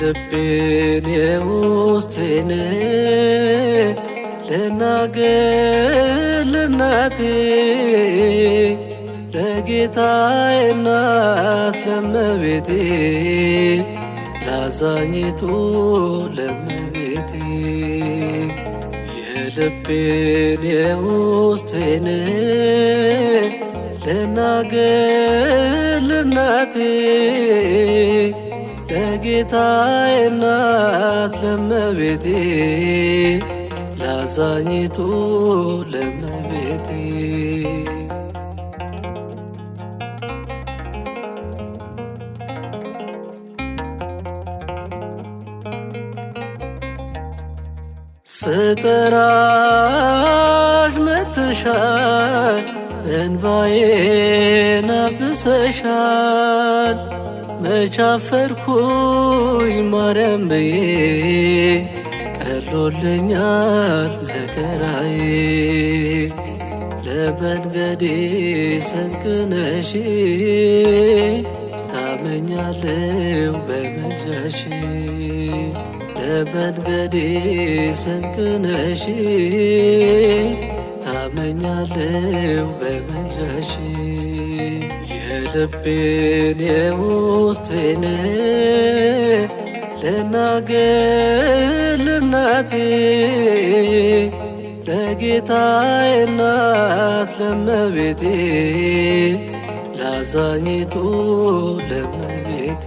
የልቤን የውስቴን ልናገር ለእናቴ ለጌታዬ እናት ለመቤቴ ላዛኝቱ ለመቤቴ የልቤን የውስቴን ልናገር ለእናቴ ለጌታዬ እናት ለመቤቴ ላዛኝቱ ለመቤቴ ስጠራሽ መጥተሻል፣ እንባዬን አብሰሻል። መቻፈርኩኝ ማርያም ብዬ ቀሎልኛል መከራዬ። ለመንገዴ ስንቅ ነሽ ታመኛለው በመጃሽ ለመንገዴ ስንቅ ነሽ ታመኛለው በመጃሽ ልቤን የውስጤን ልናገር ለናቴ ለጌታዬ እናት ለመቤቴ ላዛኝቱ ለመቤቴ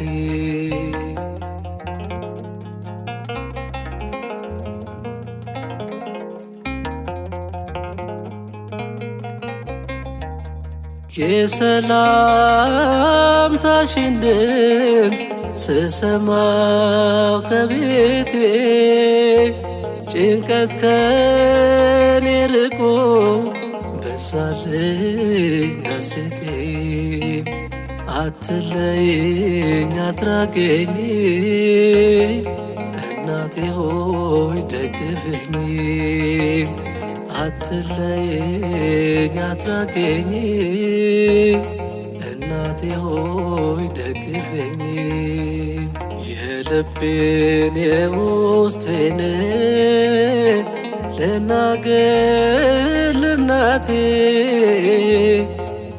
የሰላምታሽን ድምፅ ስሰማው ከቤቴ ጭንቀት ከኔ ርቆ በሳልኝ ሐሴቴ አትለይኝ አትራቀኝ እናቴ ሆይ ደግፍኝ አትለይኝ አትራገኝ እናቴ ሆይ ደግፈኝ የልቤን የውስጤን ልናገር ለእናቴ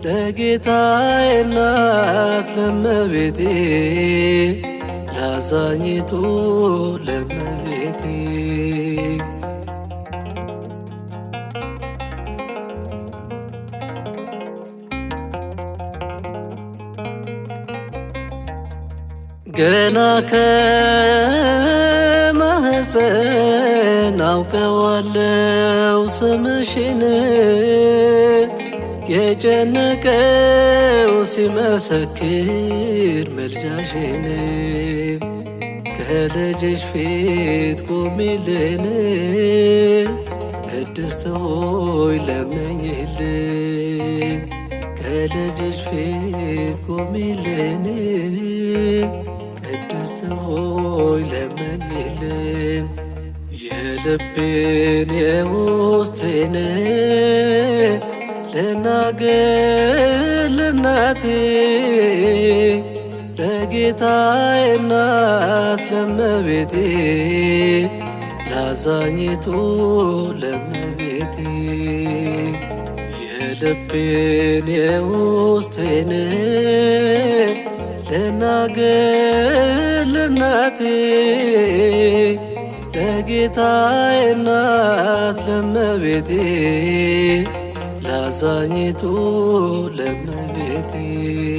ለጌታዬ እናት ለመቤቴ ላዛኝቱ ለመቤቴ ገና ከማህፀን አውቀዋለው ስምሽን የጨነቀው ሲመሰክር ምልጃሽን ከልጅሽ ፊት ቆሚልን ቅድስት ሆይ ለምኝልን ከልጅሽ ፊት ቆሚልን መስተን ሆይ ለምንልን የልቤን የውስጤን ልናገር ለናቴ ለጌታዬ እናት ለመቤቴ ላዛኝቱ ለመቤቴ የልቤን የውስጤን ልናገር ለእናቴ ለጌታዬ እናት ለመቤቴ ላዛኝቱ ለመቤቴ